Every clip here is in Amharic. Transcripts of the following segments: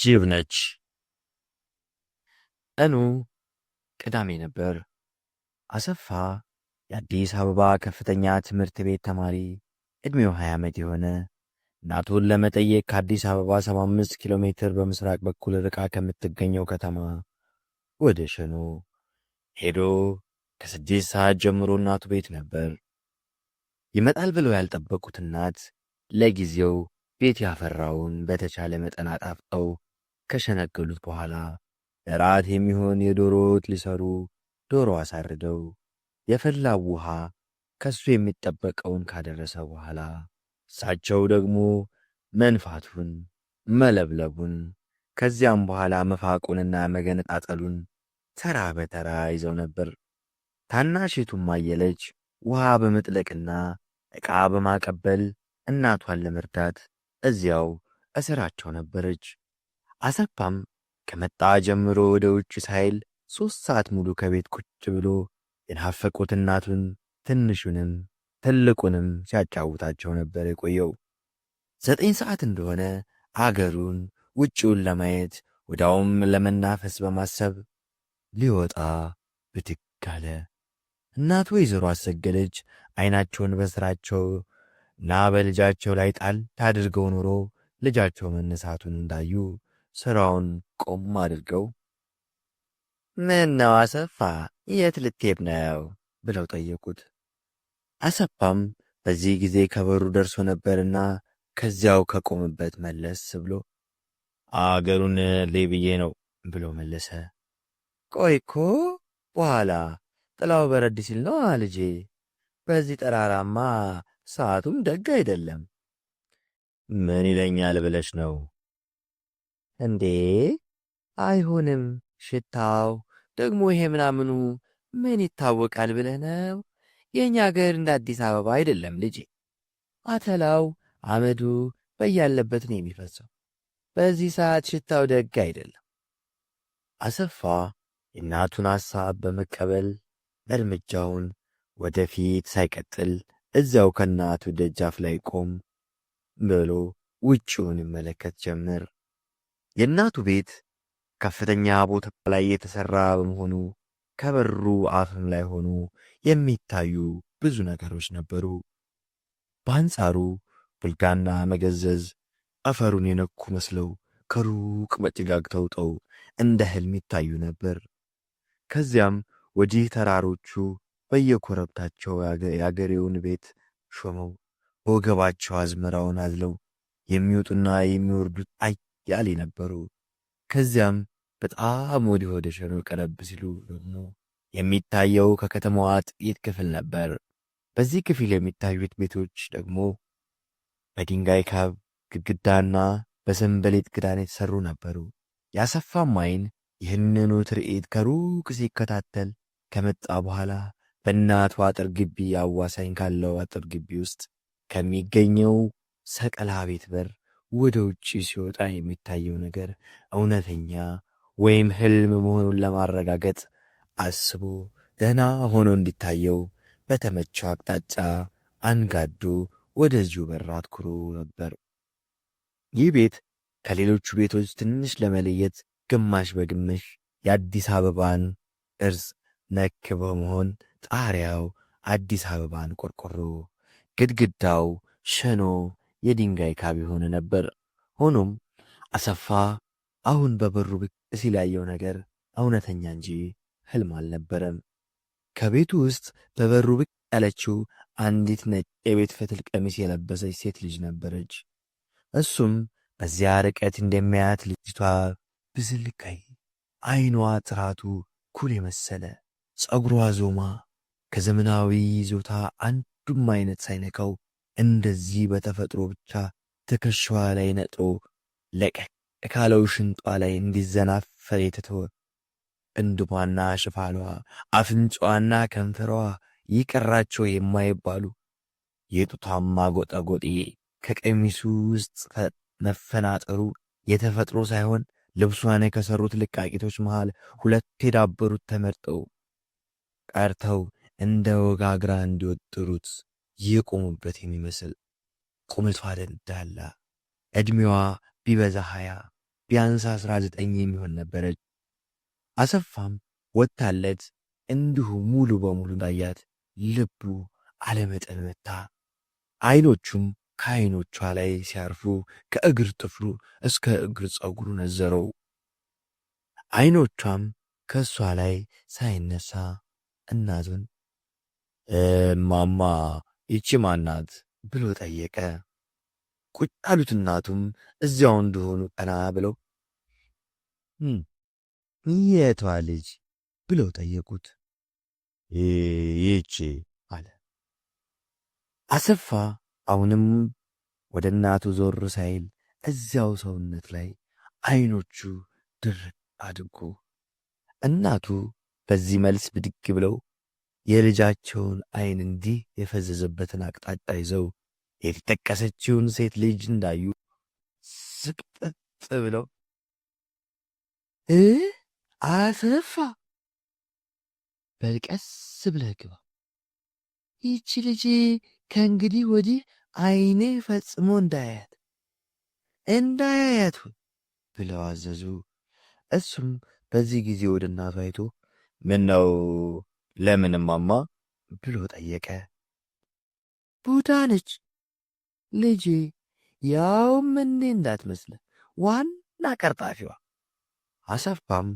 ጅብነች ቀኑ ቅዳሜ ነበር። አሰፋ የአዲስ አበባ ከፍተኛ ትምህርት ቤት ተማሪ ዕድሜው 20 ዓመት የሆነ እናቱን ለመጠየቅ ከአዲስ አበባ 75 ኪሎ ሜትር በምስራቅ በኩል ርቃ ከምትገኘው ከተማ ወደ ሸኖ ሄዶ ከስድስት ሰዓት ጀምሮ እናቱ ቤት ነበር። ይመጣል ብለው ያልጠበቁት እናት ለጊዜው ቤት ያፈራውን በተቻለ መጠን አጣፍጠው ከሸነገሉት በኋላ ለራት የሚሆን የዶሮ ወጥ ሊሰሩ ዶሮ አሳርደው የፈላው ውሃ ከሱ የሚጠበቀውን ካደረሰ በኋላ እሳቸው ደግሞ መንፋቱን መለብለቡን ከዚያም በኋላ መፋቁንና መገነጣጠሉን ተራ በተራ ይዘው ነበር። ታናሽቱም አየለች ውሃ በመጥለቅና ዕቃ በማቀበል እናቷን ለመርዳት እዚያው እስራቸው ነበረች። አሰፋም ከመጣ ጀምሮ ወደ ውጭ ሳይል ሶስት ሰዓት ሙሉ ከቤት ቁጭ ብሎ የናፈቁት እናቱን ትንሹንም ትልቁንም ሲያጫውታቸው ነበር የቆየው። ዘጠኝ ሰዓት እንደሆነ አገሩን ውጭውን ለማየት ወዳውም ለመናፈስ በማሰብ ሊወጣ ብድግ አለ። እናቱ ወይዘሮ አሰገደች አይናቸውን በስራቸው እና በልጃቸው ላይ ጣል ታድርገው ኖሮ ልጃቸው መነሳቱን እንዳዩ ስራውን ቆም አድርገው ምነው አሰፋ የት ልትሄድ ነው ብለው ጠየቁት። አሰፋም በዚህ ጊዜ ከበሩ ደርሶ ነበርና ከዚያው ከቆምበት መለስ ብሎ አገሩን ሌብዬ ነው ብሎ መለሰ። ቆይኮ በኋላ ጥላው በረድ ሲል ነው ልጄ። በዚህ ጠራራማ ሰዓቱም ደግ አይደለም። ምን ይለኛል ብለች ነው እንዴ አይሆንም፣ ሽታው ደግሞ ይሄ ምናምኑ ምን ይታወቃል ብለህ ነው? የእኛ አገር እንደ አዲስ አበባ አይደለም ልጄ። አተላው አመዱ በያለበት ነው የሚፈሰው። በዚህ ሰዓት ሽታው ደግ አይደለም። አሰፋ የእናቱን ሐሳብ በመቀበል እርምጃውን ወደፊት ሳይቀጥል እዚያው ከእናቱ ደጃፍ ላይ ቆም ብሎ ውጭውን ይመለከት ጀምር። የእናቱ ቤት ከፍተኛ ቦታ ላይ የተሰራ በመሆኑ ከበሩ አፍም ላይ ሆኑ የሚታዩ ብዙ ነገሮች ነበሩ። በአንጻሩ ብልጋና መገዘዝ አፈሩን የነኩ መስለው ከሩቅ በጭጋግ ተውጠው እንደ ህልም ይታዩ ነበር። ከዚያም ወዲህ ተራሮቹ በየኮረብታቸው የአገሬውን ቤት ሾመው በወገባቸው አዝመራውን አዝለው የሚወጡና የሚወርዱት አይ ያል ነበሩ። ከዚያም በጣም ወዲህ ወደ ሸኑ ቀረብ ሲሉ ደግሞ የሚታየው ከከተማዋ ጥቂት ክፍል ነበር። በዚህ ክፍል የሚታዩት ቤቶች ደግሞ በድንጋይ ካብ ግድግዳና በሰንበሌጥ ክዳን የተሰሩ ነበሩ። ያሰፋም አይን ይህንኑ ትርኢት ከሩቅ ሲከታተል ከመጣ በኋላ በእናቱ አጥር ግቢ አዋሳኝ ካለው አጥር ግቢ ውስጥ ከሚገኘው ሰቀላ ቤት በር ወደ ውጭ ሲወጣ የሚታየው ነገር እውነተኛ ወይም ህልም መሆኑን ለማረጋገጥ አስቦ ደህና ሆኖ እንዲታየው በተመቸው አቅጣጫ አንጋዱ ወደዚሁ በር አትኩሮ ነበር። ይህ ቤት ከሌሎቹ ቤቶች ትንሽ ለመለየት ግማሽ በግማሽ የአዲስ አበባን እርስ ነክ በመሆን ጣሪያው አዲስ አበባን ቆርቆሮ፣ ግድግዳው ሸኖ የድንጋይ ካብ የሆነ ነበር። ሆኖም አሰፋ አሁን በበሩ ብቅ ሲል ያየው ነገር እውነተኛ እንጂ ህልም አልነበረም። ከቤቱ ውስጥ በበሩ ብቅ ያለችው አንዲት ነጭ የቤት ፈትል ቀሚስ የለበሰች ሴት ልጅ ነበረች። እሱም በዚያ ርቀት እንደሚያያት ልጅቷ ብዝልቀይ፣ አይኗ ጥራቱ ኩል የመሰለ ጸጉሯ ዞማ ከዘመናዊ ይዞታ አንዱም አይነት ሳይነካው እንደዚህ በተፈጥሮ ብቻ ትከሻዋ ላይ ነጥሮ ለቀቅ ካለው ሽንጧ ላይ እንዲዘናፈር የትቶ ቅንድቧና ሽፋሏ፣ አፍንጫዋና ከንፈሯ ይቀራቸው የማይባሉ የጡታማ ጎጠጎጤ ከቀሚሱ ውስጥ መፈናጠሩ የተፈጥሮ ሳይሆን ልብሷን ከሰሩት ልቃቂቶች መሃል ሁለት የዳበሩት ተመርጠው ቀርተው እንደ ወጋግራ እንዲወጥሩት የቆሙበት የሚመስል ቁመቷ ደንዳላ ዕድሜዋ ቢበዛ ሀያ ቢያንስ አስራ ዘጠኝ የሚሆን ነበረች። አሰፋም ወታለት እንዲሁ ሙሉ በሙሉ እንዳያት ልቡ አለመጠን መታ። አይኖቹም ከአይኖቿ ላይ ሲያርፉ ከእግር ጥፍሩ እስከ እግር ጸጉሩ ነዘረው። አይኖቿም ከእሷ ላይ ሳይነሳ እናቱን እማማ ይቺ ማናት ብሎ ጠየቀ። ቁጭ አሉት። እናቱም እዚያው እንደሆኑ ቀና ብለው የቷ ልጅ ብለው ጠየቁት። ይቺ አለ አሰፋ። አሁንም ወደ እናቱ ዞር ሳይል እዚያው ሰውነት ላይ አይኖቹ ድርቅ አድርጎ እናቱ በዚህ መልስ ብድግ ብለው የልጃቸውን ዓይን እንዲህ የፈዘዘበትን አቅጣጫ ይዘው የተጠቀሰችውን ሴት ልጅ እንዳዩ ዝቅጥጥ ብለው እ አሰፋ በልቀስ ብለህ ግባ። ይቺ ልጅ ከእንግዲህ ወዲህ ዓይኔ ፈጽሞ እንዳያያት እንዳያያት ብለው አዘዙ። እሱም በዚህ ጊዜ ወደ እናቱ አይቶ ምን ነው ለምን ማማ ብሎ ጠየቀ። ቡዳ ነች ልጄ፣ ያውም እኔ እንዳትመስል ዋና ቀርጣፊዋ። አሰፋም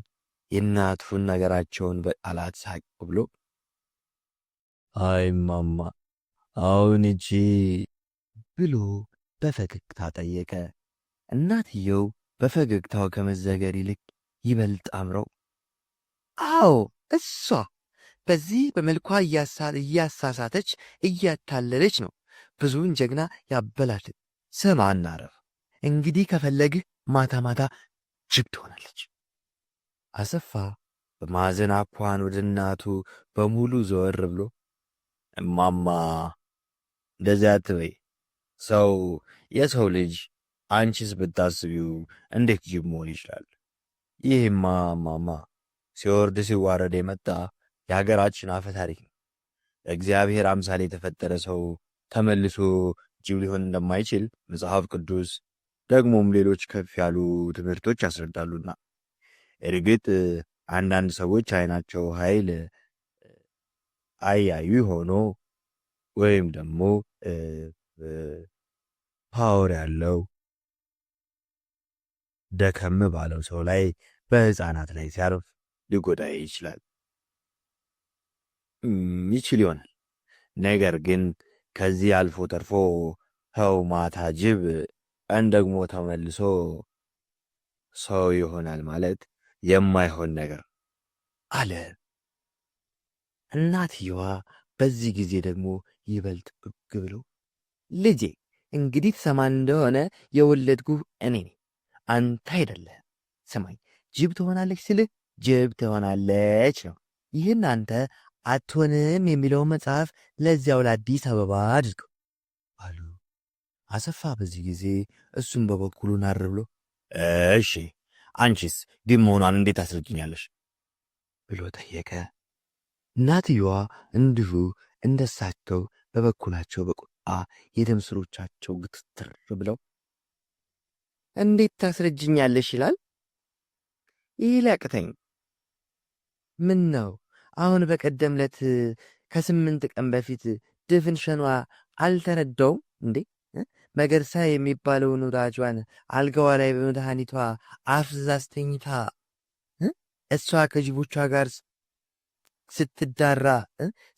የእናቱን ነገራቸውን በቃላት ሳቅ ብሎ አይ ማማ አሁን እጂ ብሎ በፈገግታ ጠየቀ። እናትየው በፈገግታው ከመዘገር ይልቅ ይበልጥ አምረው አዎ እሷ በዚህ በመልኳ እያሳሳተች እያታለለች ነው ብዙውን ጀግና ያበላል። ስም አናረፍ እንግዲህ ከፈለግህ ማታ ማታ ጅብ ትሆናለች። አሰፋ በማዘን አኳን ወደ እናቱ በሙሉ ዘወር ብሎ እማማ እንደዚያ አትበይ፣ ሰው የሰው ልጅ አንቺስ ብታስቢው እንዴት ጅብ መሆን ይችላል? ይህማ እማማ ሲወርድ ሲዋረድ የመጣ የሀገራችን አፈ ታሪክ ነው። እግዚአብሔር አምሳሌ የተፈጠረ ሰው ተመልሶ ጅብ ሊሆን እንደማይችል መጽሐፍ ቅዱስ ደግሞም ሌሎች ከፍ ያሉ ትምህርቶች ያስረዳሉና። እርግጥ አንዳንድ ሰዎች አይናቸው ኃይል አያዩ ሆኖ ወይም ደግሞ ፓወር ያለው ደከም ባለው ሰው ላይ በህፃናት ላይ ሲያርፍ ሊጎዳ ይችላል። ይችል ይሆናል። ነገር ግን ከዚህ አልፎ ተርፎ ሰው ማታ ጅብ ቀን ደግሞ ተመልሶ ሰው ይሆናል ማለት የማይሆን ነገር አለ። እናትየዋ በዚህ ጊዜ ደግሞ ይበልጥ ብግ ብሎ ልጄ እንግዲህ ትሰማን እንደሆነ የወለድኩህ እኔ ነኝ፣ አንተ አይደለህም። ስማኝ ጅብ ትሆናለች ስልህ ጅብ ትሆናለች ነው። ይህን አንተ አትሆንም የሚለውን መጽሐፍ ለዚያው ለአዲስ አበባ አድርገው አሉ አሰፋ። በዚህ ጊዜ እሱም በበኩሉ ናር ብሎ እሺ አንቺስ ዲም መሆኗን እንዴት አስረጅኛለሽ ብሎ ጠየቀ። እናትየዋ እንዲሁ እንደሳቸው በበኩላቸው በቁጣ የደም ስሮቻቸው ግትትር ብለው እንዴት ታስረጅኛለሽ ይላል ይህ ሊያቅተኝ ምን ነው አሁን በቀደም ዕለት ከስምንት ቀን በፊት ድፍን ሸኗ አልተረዳውም እንዴ? መገርሳ የሚባለውን ወዳጇን አልጋዋ ላይ በመድኃኒቷ አፍዝዛ ተኝታ እሷ ከጅቦቿ ጋር ስትዳራ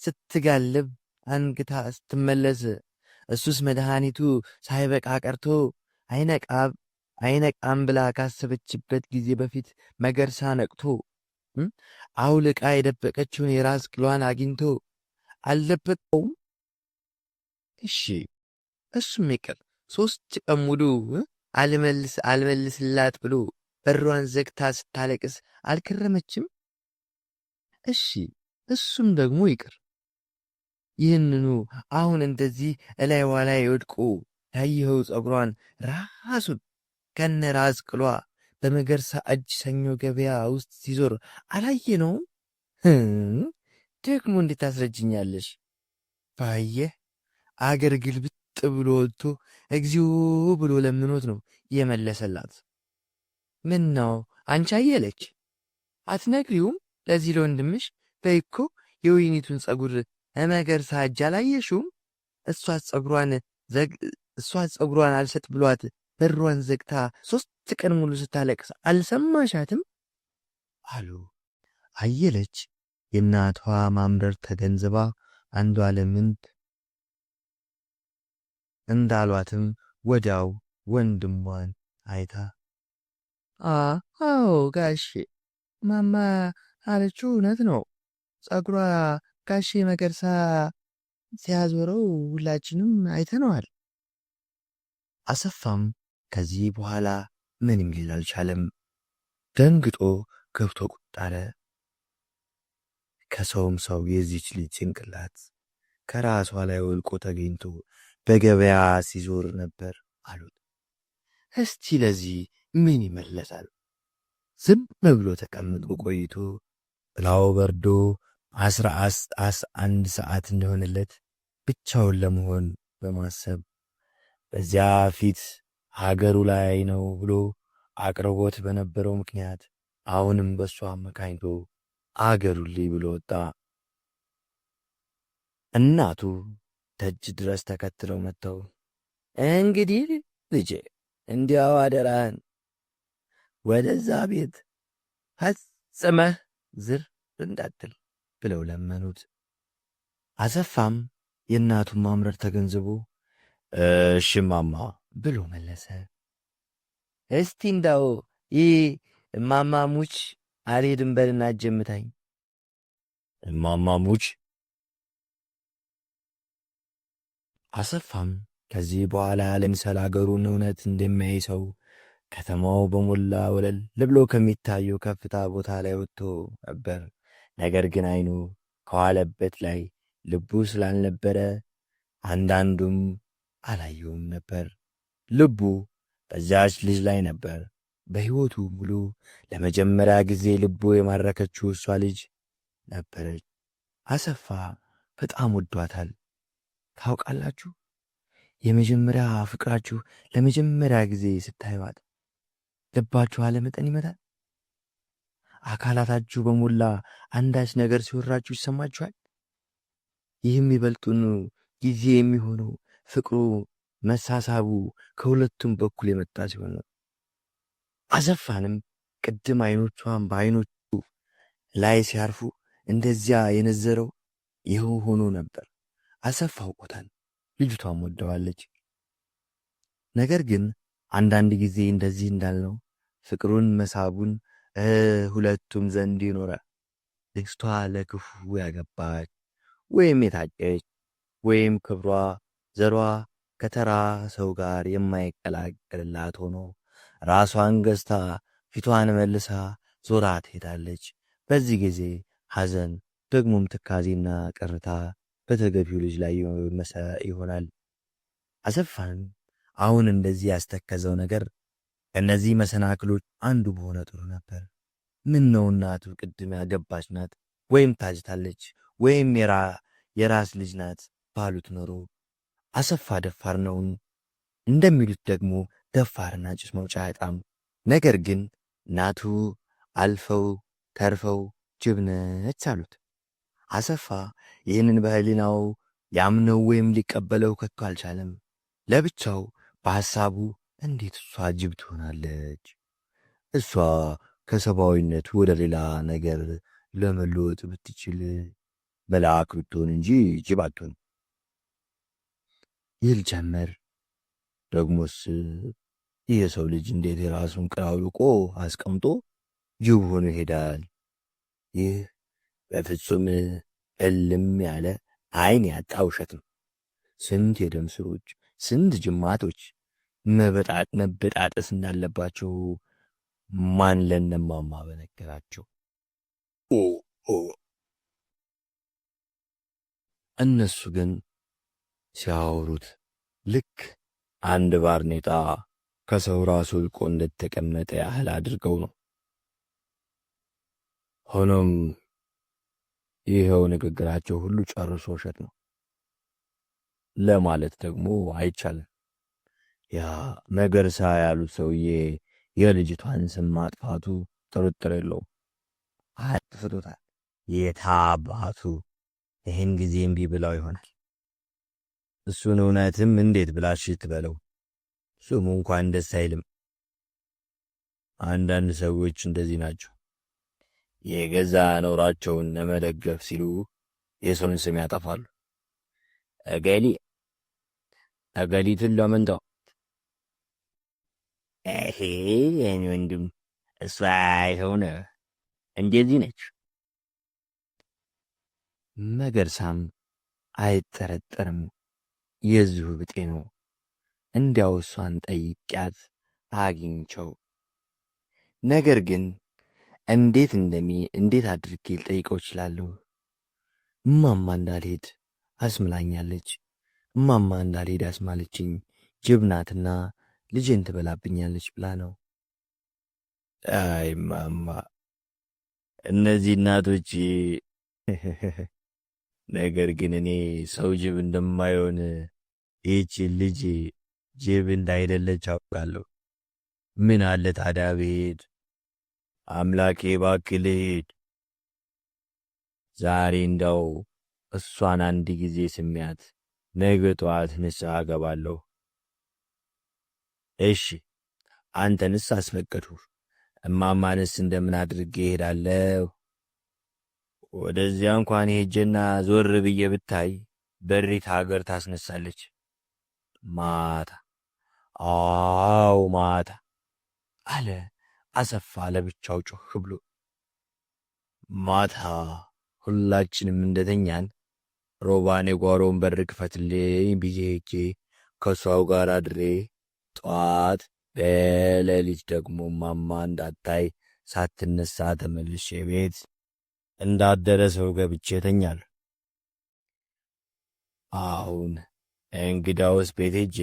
ስትጋልብ አንግታ ስትመለስ እሱስ መድኃኒቱ ሳይበቃ ቀርቶ አይነቃም ብላ ካሰበችበት ጊዜ በፊት መገርሳ ነቅቶ አውልቃ የደበቀችውን የራስ ቅሏን አግኝቶ አልደበቀውም። እሺ እሱም ይቅር። ሶስት ቀን ሙሉ አልመልስ አልመልስላት ብሎ በሯን ዘግታ ስታለቅስ አልከረመችም። እሺ እሱም ደግሞ ይቅር። ይህንኑ አሁን እንደዚህ እላይዋ ላይ ወድቆ ያየኸው ጸጉሯን ራሱን ከነ ራስ ቅሏ በመገርሳ እጅ ሰኞ ገበያ ውስጥ ሲዞር አላየ ነው። ደግሞ እንዴት ታስረጅኛለሽ? ባየ አገር ግልብጥ ብሎ ወጥቶ እግዚኦ ብሎ ለምኖት ነው የመለሰላት። ምን ነው አንቺ አየለች አትነግሪውም? ለዚህ ለወንድምሽ በይኮ የወይኒቱን ጸጉር እመገርሳ እጅ አላየሽውም? እሷ ጸጉሯን እሷ ጸጉሯን አልሰጥ ብሏት በሯን ዘግታ ሶስት ቀን ሙሉ ስታለቅስ አልሰማሻትም አሉ። አየለች የእናቷ ማምረር ተገንዝባ አንዷ ዓለምን እንዳሏትም ወዲያው ወንድሟን አይታ አዎ ጋሽ ማማ አለችው እውነት ነው። ጸጉሯ ጋሽ መገርሳ ሲያዞረው ሁላችንም አይተነዋል። አሰፋም ከዚህ በኋላ ምንም ሊል አልቻለም። ደንግጦ ገብቶ ቁጣለ ከሰውም ሰው የዚች ልጅ ጭንቅላት ከራሷ ላይ ወልቆ ተገኝቶ በገበያ ሲዞር ነበር አሉት። እስቲ ለዚህ ምን ይመለሳል? ዝም ብሎ ተቀምጦ ቆይቶ ጥላው በርዶ አስራ አንድ ሰዓት እንደሆነለት ብቻውን ለመሆን በማሰብ በዚያ ፊት ሀገሩ ላይ ነው ብሎ አቅርቦት በነበረው ምክንያት አሁንም በእሱ አመካኝቶ አገሩ ልይ ብሎ ወጣ። እናቱ ደጅ ድረስ ተከትለው መጥተው እንግዲህ ልጄ እንዲያው አደራህን ወደዛ ቤት ፈጽመህ ዝር እንዳትል ብለው ለመኑት። አሰፋም የእናቱን ማምረር ተገንዝቦ እሽማማ ብሎ መለሰ። እስቲ እንዳው ይህ እማማሙች አልሄድም በልና አጀምታኝ። እማማሙች አሰፋም ከዚህ በኋላ ለምሰል አገሩን እውነት እንደሚያይ ሰው ከተማው በሞላ ወለል ብሎ ከሚታየው ከፍታ ቦታ ላይ ወጥቶ ነበር። ነገር ግን አይኑ ከዋለበት ላይ ልቡ ስላልነበረ አንዳንዱም አላየውም ነበር። ልቡ በዛች ልጅ ላይ ነበር። በሕይወቱ ሙሉ ለመጀመሪያ ጊዜ ልቡ የማረከችው እሷ ልጅ ነበረች። አሰፋ በጣም ወዷታል። ታውቃላችሁ፣ የመጀመሪያ ፍቅራችሁ ለመጀመሪያ ጊዜ ስታይዋት ልባችሁ አለመጠን ይመታል። አካላታችሁ በሞላ አንዳች ነገር ሲወራችሁ ይሰማችኋል። ይህም ይበልጡን ጊዜ የሚሆነው ፍቅሩ መሳሳቡ ከሁለቱም በኩል የመጣ ሲሆን ነው። አሰፋንም ቅድም አይኖቿን በአይኖቹ ላይ ሲያርፉ እንደዚያ የነዘረው ይኸው ሆኖ ነበር። አሰፋ አውቆታል፣ ልጅቷም ወደዋለች። ነገር ግን አንዳንድ ጊዜ እንደዚህ እንዳልነው ፍቅሩን መሳቡን ሁለቱም ዘንድ ይኖራል። ልጅቷ ለክፉ ያገባች ወይም የታጨች ወይም ክብሯ ዘሯ ከተራ ሰው ጋር የማይቀላቀልላት ሆኖ ራሷን ገዝታ ፊቷን መልሳ ዞራ ትሄዳለች። በዚህ ጊዜ ሐዘን ደግሞም ትካዜና ቅርታ በተገቢው ልጅ ላይ መሰ ይሆናል። አሰፋን አሁን እንደዚህ ያስተከዘው ነገር ከእነዚህ መሰናክሎች አንዱ በሆነ ጥሩ ነበር። ምን ነው እናቱ ቅድም ያገባች ናት ወይም ታጅታለች ወይም የራስ ልጅ ናት ባሉት ኖሮ አሰፋ ደፋር ነው እንደሚሉት ደግሞ ደፋርና ጭስ መውጫ አይጣም። ነገር ግን ናቱ አልፈው ተርፈው ጅብ ነች አሉት። አሰፋ ይህንን በህሊናው ያምነው ወይም ሊቀበለው ከቶ አልቻለም። ለብቻው በሐሳቡ እንዴት እሷ ጅብ ትሆናለች? እሷ ከሰብአዊነቱ ወደ ሌላ ነገር ለመለወጥ ብትችል መልአክ ብትሆን እንጂ ጅብ አትሆን ይል ጀመር። ደግሞስ ይህ የሰው ልጅ እንዴት የራሱን ቅል አውልቆ አስቀምጦ ጅብ ሆኖ ይሄዳል? ይህ በፍጹም እልም ያለ አይን ያጣ ውሸት ነው። ስንት የደም ስሮች፣ ስንት ጅማቶች መበጣጠስ እንዳለባቸው ማን ለነማማ በነገራቸው። እነሱ ግን ሲያወሩት ልክ አንድ ባርኔጣ ከሰው ራሱ ልቆ እንደተቀመጠ ያህል አድርገው ነው። ሆኖም ይኸው ንግግራቸው ሁሉ ጨርሶ ውሸት ነው ለማለት ደግሞ አይቻልም። ያ መገርሳ ያሉት ሰውዬ የልጅቷን ስም ማጥፋቱ ጥርጥር የለው፣ አጥፍቶታል። የታባቱ ይህን ጊዜ እምቢ ብለው ይሆናል። እሱን እውነትም እንዴት ብላሽ ትበለው ስሙ እንኳን ደስ አይልም። አንዳንድ ሰዎች እንደዚህ ናቸው። የገዛ ኖራቸውን ለመደገፍ ሲሉ የሰውን ስም ያጠፋሉ። እገሊ እገሊትን ለምንተው ይሄ የኔ ወንድም እሷ የሆነ እንደዚህ ነች። መገርሳም አይጠረጠርም። የዚሁ ብጤ ነው። እንዲያው እሷን ጠይቂያት አግኝቸው። ነገር ግን እንዴት እንደሚ እንዴት አድርጌ ልጠይቀው እችላለሁ? እማማ እንዳልሄድ አስምላኛለች። እማማ እንዳልሄድ አስማለችኝ። ጅብናትና ልጄን ትበላብኛለች ብላ ነው። አይ ማማ፣ እነዚህ እናቶች። ነገር ግን እኔ ሰው ጅብ እንደማይሆን ይህች ልጅ ጅብ እንዳይደለች አውቃለሁ። ምን አለ ታዲያ ብሄድ? አምላኬ ባክ ልሄድ። ዛሬ እንደው እሷን አንድ ጊዜ ስሚያት፣ ነገ ጠዋት ንስሐ ገባለሁ። እሺ ንስ አስፈቀድሁ። እማማንስ እንደምን አድርጌ እሄዳለሁ? ወደዚያ እንኳን ሄጄና ዞር ብዬ ብታይ በሪት ሀገር ታስነሳለች። ማታ፣ አዎ ማታ አለ አሰፋ ለብቻው ጮህ ብሎ። ማታ ሁላችንም እንደተኛን ሮባኔ ጓሮን በር ክፈትልኝ ብዬ ሄጄ ከሷው ጋር አድሬ ጠዋት በሌሊት ደግሞ ማማ እንዳታይ ሳትነሳ ተመልሼ ቤት እንዳደረ ሰው ገብቼ ተኛል። አሁን እንግዳውስ ቤት ሄጄ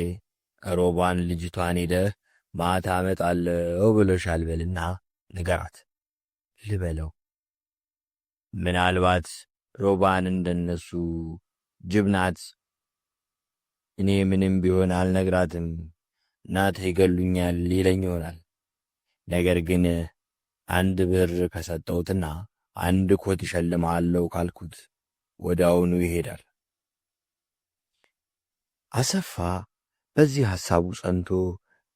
ሮቧን ልጅቷን ሄደህ ማታ እመጣለሁ ብሎሻል በልና ንገራት ልበለው። ምናልባት ሮባን እንደነሱ ጅብ ናት። እኔ ምንም ቢሆን አልነግራትም፣ እናት ይገሉኛል ይለኝ ይሆናል። ነገር ግን አንድ ብር ከሰጠውትና አንድ ኮት እሸልምሃለሁ ካልኩት ወዳውኑ ይሄዳል። አሰፋ በዚህ ሐሳቡ ጸንቶ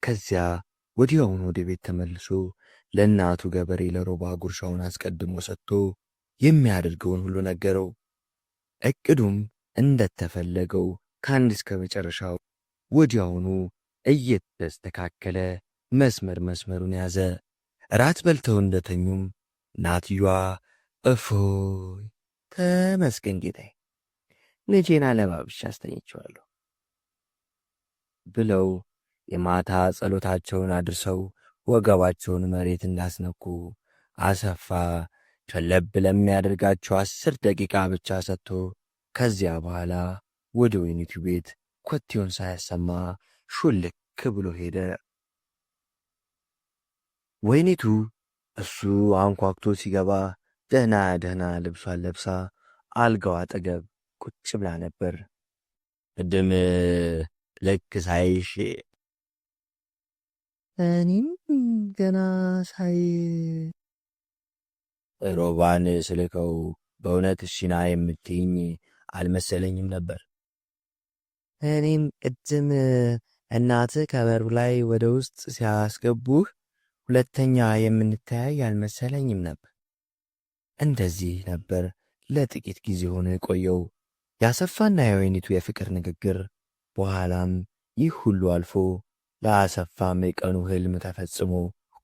ከዚያ ወዲያውኑ ወደ ቤት ተመልሶ ለእናቱ ገበሬ ለሮባ ጉርሻውን አስቀድሞ ሰጥቶ የሚያደርገውን ሁሉ ነገረው። እቅዱም እንደተፈለገው ከአንድ እስከ መጨረሻው ወዲያውኑ እየተስተካከለ መስመር መስመሩን ያዘ። እራት በልተው እንደተኙም ናትየዋ እፎይ ተመስገን ጌታዬ ልጄን አለባብሽ አስተኝቼዋለሁ ብለው የማታ ጸሎታቸውን አድርሰው ወገባቸውን መሬት እንዳስነኩ አሰፋ ቸለብ ለሚያደርጋቸው አስር ደቂቃ ብቻ ሰጥቶ ከዚያ በኋላ ወደ ወይኒቱ ቤት ኮቴውን ሳያሰማ ሹልክ ብሎ ሄደ። ወይኒቱ እሱ አንኳኩቶ ሲገባ ደህና ደህና ልብሷን ለብሳ አልጋው አጠገብ ቁጭ ብላ ነበር። ቅድም ልክ ሳይሽ እኔም ገና ሳይ ሮባን ስልከው በእውነት እሺና የምትይኝ አልመሰለኝም ነበር። እኔም ቅድም እናት ከበሩ ላይ ወደ ውስጥ ሲያስገቡህ ሁለተኛ የምንተያይ አልመሰለኝም ነበር። እንደዚህ ነበር ለጥቂት ጊዜ ሆነ የቆየው። ያሰፋና የወይኒቱ የፍቅር ንግግር በኋላም ይህ ሁሉ አልፎ ለአሰፋም የቀኑ ህልም ተፈጽሞ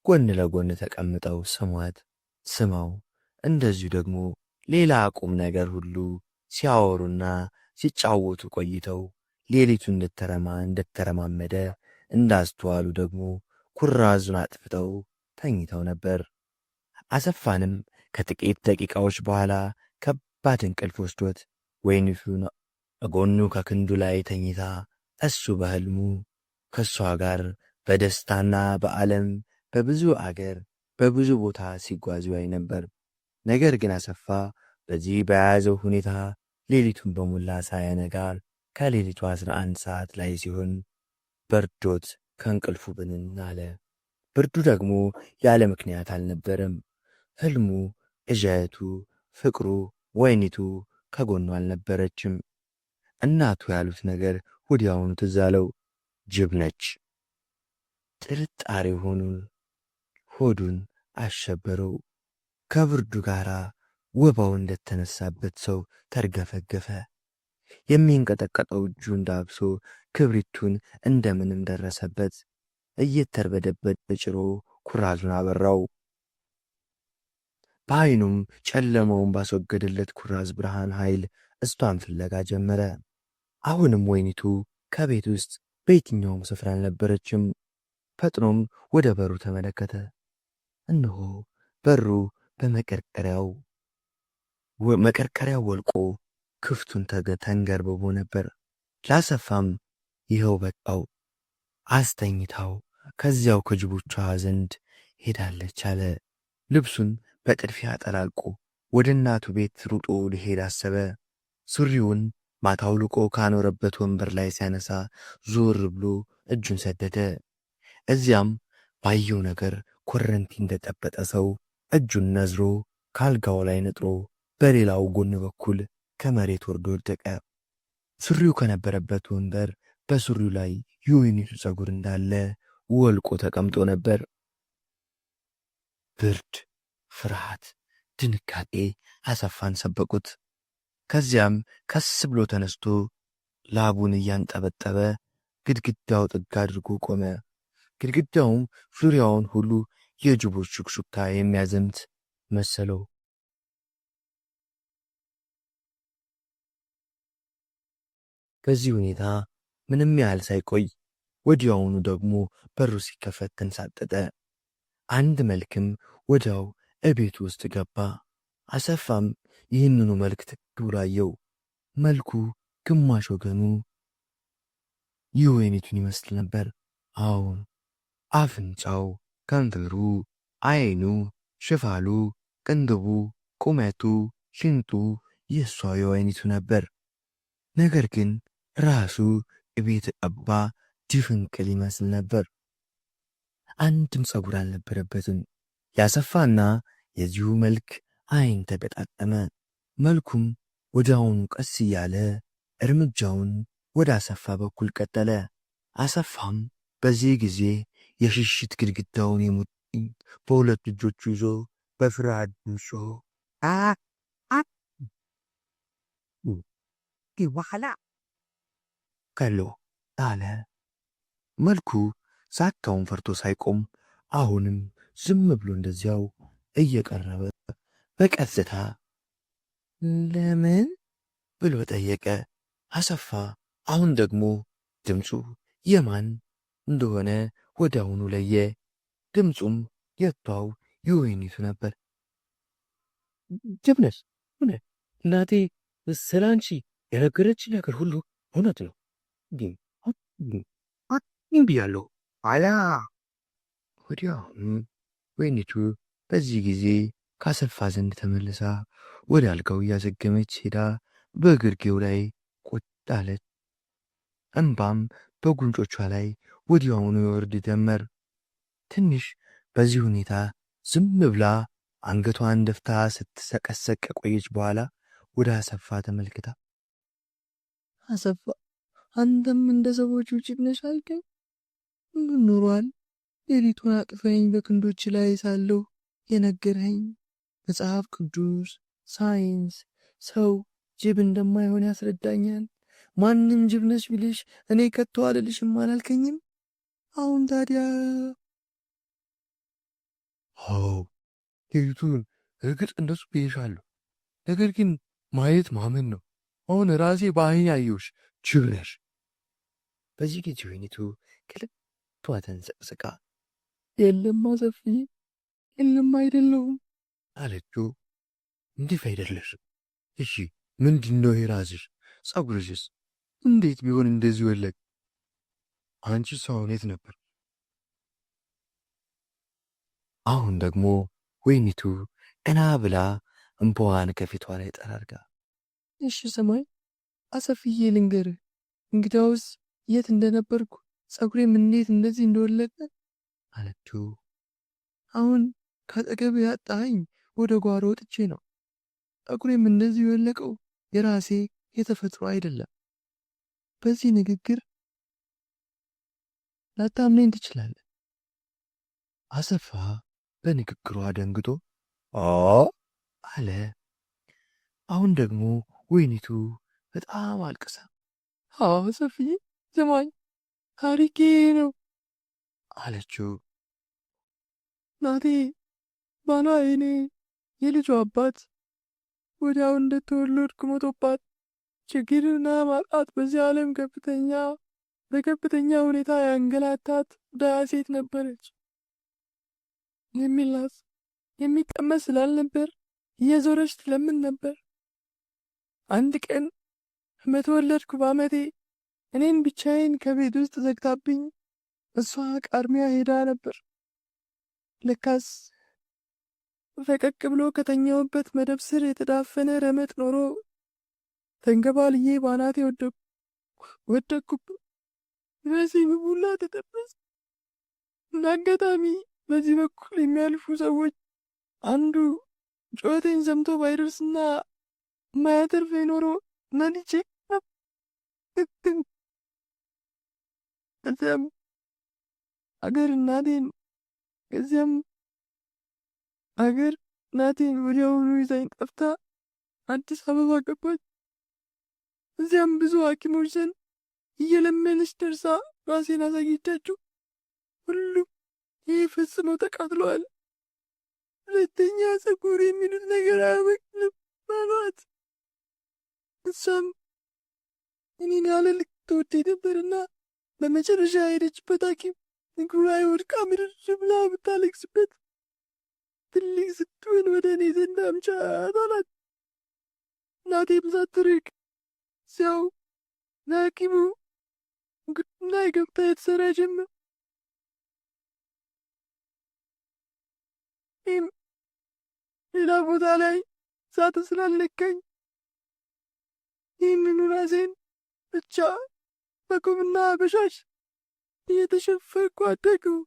ጎን ለጎን ተቀምጠው ስሟት ስማው እንደዚሁ ደግሞ ሌላ ቁም ነገር ሁሉ ሲያወሩና ሲጫወቱ ቆይተው ሌሊቱ እንደተረማ እንደተረማመደ እንዳስተዋሉ ደግሞ ኩራዙን አጥፍተው ተኝተው ነበር። አሰፋንም ከጥቂት ደቂቃዎች በኋላ ከባድ እንቅልፍ ወስዶት ወይንሱን በጎኑ ከክንዱ ላይ ተኝታ እሱ በሕልሙ ከእሷ ጋር በደስታና በዓለም በብዙ አገር በብዙ ቦታ ሲጓዙ ያይ ነበር። ነገር ግን አሰፋ በዚህ በያዘው ሁኔታ ሌሊቱን በሞላ ሳያነጋ ከሌሊቱ አንድ ሰዓት ላይ ሲሆን በርዶት ከእንቅልፉ ብንን አለ። ብርዱ ደግሞ ያለ ምክንያት አልነበረም። ሕልሙ፣ እዣየቱ፣ ፍቅሩ፣ ወይኒቱ ከጎኑ አልነበረችም። እናቱ ያሉት ነገር ወዲያውኑ ትዝ አለው። ጅብ ነች። ጥርጣሬ ሆኑን ሆዱን አሸበረው። ከብርዱ ጋር ወባው እንደተነሳበት ሰው ተርገፈገፈ። የሚንቀጠቀጠው እጁን ዳብሶ ክብሪቱን እንደምንም ደረሰበት። እየተርበደበት በጭሮ ኩራዙን አበራው። በዓይኑም ጨለመውን ባስወገደለት ኩራዝ ብርሃን ኃይል እስቷን ፍለጋ ጀመረ። አሁንም ወይኒቱ ከቤት ውስጥ በየትኛውም ስፍራ አልነበረችም። ፈጥኖም ወደ በሩ ተመለከተ። እነሆ በሩ በመቀርቀሪያው መቀርቀሪያው ወልቆ ክፍቱን ተንገርብቦ ነበር። ላሰፋም ይኸው በቃው አስተኝታው ከዚያው ከጅቦቿ ዘንድ ሄዳለች አለ። ልብሱን በጥድፊያ አጠላልቆ ወደ እናቱ ቤት ሩጦ ሊሄድ አሰበ። ሱሪውን ማታው ልቆ ካኖረበት ወንበር ላይ ሲያነሳ ዞር ብሎ እጁን ሰደደ። እዚያም ባየው ነገር ኮረንቲ እንደጠበጠ ሰው እጁን ነዝሮ ካልጋው ላይ ነጥሮ በሌላው ጎን በኩል ከመሬት ወርዶ ወደቀ። ሱሪው ከነበረበት ወንበር በሱሪው ላይ የወይኒቱ ፀጉር እንዳለ ወልቆ ተቀምጦ ነበር። ብርድ፣ ፍርሃት፣ ድንጋጤ አሰፋን ሰበቁት። ከዚያም ከስ ብሎ ተነስቶ ላቡን እያንጠበጠበ ግድግዳው ጥግ አድርጎ ቆመ። ግድግዳውም ዙሪያውን ሁሉ የጅቦች ሹክሹክታ የሚያዘምት መሰለው። በዚህ ሁኔታ ምንም ያህል ሳይቆይ ወዲያውኑ ደግሞ በሩ ሲከፈት ተንሳጠጠ። አንድ መልክም ወዲያው እቤት ውስጥ ገባ። አሰፋም ይህንኑ መልክ ትክ አየው። መልኩ ግማሽ ወገኑ ይህ ወይኒቱን ይመስል ነበር። አዎን፣ አፍንጫው፣ ከንፈሩ፣ አይኑ፣ ሽፋሉ፣ ቅንድቡ፣ ቁመቱ፣ ሽንጡ የእሷ የወይኒቱ ነበር። ነገር ግን ራሱ እቤት ቀባ ድፍንቅል ይመስል ነበር። አንድም ጸጉር አልነበረበትም። ያሰፋና የዚሁ መልክ አይን ተበጣጠመ። መልኩም ወዲያውኑ ቀስ እያለ እርምጃውን ወደ አሰፋ በኩል ቀጠለ። አሰፋም በዚህ ጊዜ የሽሽት ግድግዳውን የሙጥኝ በሁለት እጆቹ ይዞ በፍርሃት ድምጮ ዋላ ከሎ አለ። መልኩ ሳታውን ፈርቶ ሳይቆም አሁንም ዝም ብሎ እንደዚያው እየቀረበ በቀስታ ለምን ብሎ ጠየቀ። አሰፋ አሁን ደግሞ ድምፁ የማን እንደሆነ ወደ አሁኑ ለየ። ድምፁም የቷው የወይኒቱ ነበር። ጀብነሽ ሁነ እናቴ ስለ የነገረች ነገር ሁሉ እውነት ነው። ግን ግን ብያለሁ አላ ወዲያውኑ ወይኒቱ በዚህ ጊዜ ከአሰፋ ዘንድ ተመልሳ ወደ አልጋው እያዘገመች ሄዳ በግርጌው ላይ ቁጭ አለች። እንባም በጉንጮቿ ላይ ወዲያውኑ ይወርድ ጀመር። ትንሽ በዚህ ሁኔታ ዝም ብላ አንገቷን ደፍታ ስትሰቀሰቅ ቆየች። በኋላ ወደ አሰፋ ተመልክታ፣ አሰፋ አንተም እንደ ሰዎች ውጭ ነሽ አልከኝ? ምን ኑሯል? ሌሊቱን አቅፈኝ በክንዶች ላይ ሳለሁ የነገርኸኝ መጽሐፍ ቅዱስ ሳይንስ ሰው ጅብ እንደማይሆን ያስረዳኛል። ማንም ጅብ ነሽ ቢልሽ እኔ ከቶ አልልሽም አላልከኝም? አሁን ታዲያ አዎ ቴቱን እርግጥ እንደሱ ብዬሻለሁ። ነገር ግን ማየት ማመን ነው። አሁን ራሴ በአይን ያየሁሽ ጅብ ነሽ። በዚህ ጊዜ ወይኒቱ ከልቷ ተንሰቅስቃ የለም አሰፍዬ፣ የለም አይደለሁም አለችው። እንዴት አይደለሽም? እሺ ምንድን ነው የራስሽ? ጸጉርሽስ እንዴት ቢሆን እንደዚህ ወለቅ? አንቺ ሰው የት ነበር። አሁን ደግሞ ወይኒቱ ቀና ብላ እንባዋን ከፊቷ ላይ ጠራርጋ፣ እሺ ሰማይ አሰፍዬ ልንገር እንግዳውስ የት እንደነበርኩ ጸጉሬም እንዴት እንደዚህ እንደወለቀ አለችው። አሁን ከጠገብ ያጣኝ ወደ ጓሮ ወጥቼ ነው ጸጉሬም እንደዚሁ የወለቀው የራሴ የተፈጥሮ አይደለም። በዚህ ንግግር ላታምነኝ ትችላለ። አሰፋ በንግግሯ አደንግጦ አ አለ። አሁን ደግሞ ወይኒቱ በጣም አልቅሳ አዎ ሰፍዬ ስማኝ ታሪኬ ነው አለችው። ናቴ ባሏ እኔ የልጁ አባት ወዲያው እንደተወለድኩ ሞቶባት። ችግርና ማጣት በዚህ ዓለም ከፍተኛ በከፍተኛ ሁኔታ ያንገላታት ድሃ ሴት ነበረች። የሚላስ የሚቀመስ ስላልነበር እየዞረች ትለምን ነበር። አንድ ቀን በተወለድኩ በዓመቴ እኔን ብቻዬን ከቤት ውስጥ ዘግታብኝ እሷ ቃርሚያ ሄዳ ነበር። ለካስ ፈቀቅ ብሎ ከተኛውበት መደብ ስር የተዳፈነ ረመጥ ኖሮ ተንገባልዬ ባናቴ ወደኩ። በዚህ ምቡላ ተጠበስ። እንደ አጋጣሚ በዚህ በኩል የሚያልፉ ሰዎች አንዱ ጩኸቴን ሰምቶ ባይደርስና ማያተርፍ ኖሮ ነድቼ ከዚያም አገር እናቴን ከዚያም አገር እናቴን ወዲያውኑ ይዛኝ ጠፍታ አዲስ አበባ ገባች። እዚያም ብዙ ሐኪሞች ዘንድ እየለመነች ደርሳ ራሴን አሳጊቻችሁ ሁሉም ይህ ፈጽሞ ተቃጥለዋል። ሁለተኛ ጸጉር የሚሉት ነገር አያበቅልም ማለት እሷም እኔን ያለ ልክ ተወደ ነበርና በመጨረሻ ሄደችበት ሐኪም እግሩ ላይ ወድቃ ምድር ብላ ብታለቅስበት ትልቅ ስትሆን ወደ እኔ ዘንድ አምጫት አላት። እናቴም ሳትርቅ ሲያው ናቂሙ ግድና ገብታ የተሰራ ጀመር። እኔም ሌላ ቦታ ላይ ሳት ስላለካኝ ይህንኑ ራሴን ብቻ በቁምና በሻሽ እየተሸፈንኩ አደገው።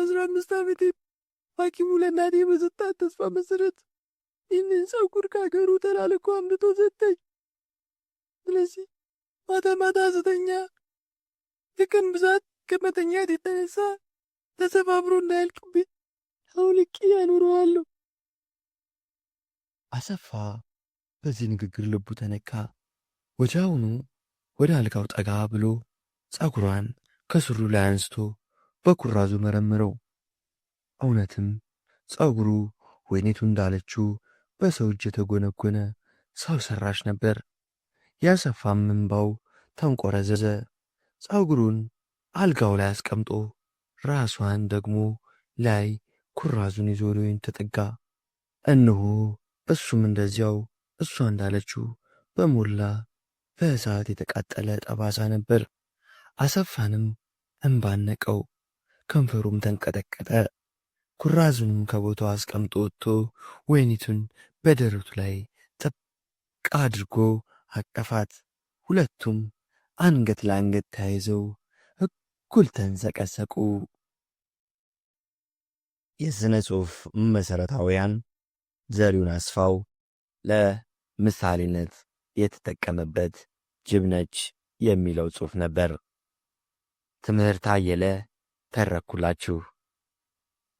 አስራ አምስት ዓመቴ ሐኪሙ ለእናቴ በሰጣት ተስፋ መሰረት ይህንን ጸጉር ከአገሩ ተላልኮ አምጥቶ ሰጠኝ። ስለዚህ ማታ ማታ ስተኛ የቀን ብዛት ከመተኛት የተነሳ ተሰባብሮ እንዳያልቅብኝ አውልቄ ያኖረዋለሁ። አሰፋ በዚህ ንግግር ልቡ ተነካ። ወዲያውኑ ወደ አልጋው ጠጋ ብሎ ጸጉሯን ከስሩ ላይ አንስቶ በኩራዙ መረምረው። እውነትም ጸጉሩ ወይኔቱ እንዳለችው በሰው እጅ የተጎነጎነ ሰው ሰራሽ ነበር። ያሰፋም እምባው ተንቆረዘዘ። ጸጉሩን አልጋው ላይ አስቀምጦ ራሷን ደግሞ ላይ ኩራዙን ይዞ ወደወይን ተጠጋ። እነሆ እሱም እንደዚያው እሷ እንዳለችው በሞላ በእሳት የተቃጠለ ጠባሳ ነበር። አሰፋንም እምባነቀው ነቀው፣ ከንፈሩም ተንቀጠቀጠ። ኩራዙንም ከቦታው አስቀምጦ ወጥቶ ወይኒቱን በደረቱ ላይ ጠብቅ አድርጎ አቀፋት። ሁለቱም አንገት ለአንገት ተያይዘው እኩል ተንሰቀሰቁ። የሥነ ጽሑፍ መሠረታውያን ዘሪሁን አስፋው ለምሳሌነት የተጠቀመበት ጅብ ነች የሚለው ጽሑፍ ነበር። ትምህርት አየለ ተረኩላችሁ።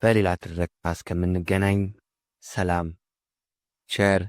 በሌላ ትረካ እስከምንገናኝ ሰላም ቸር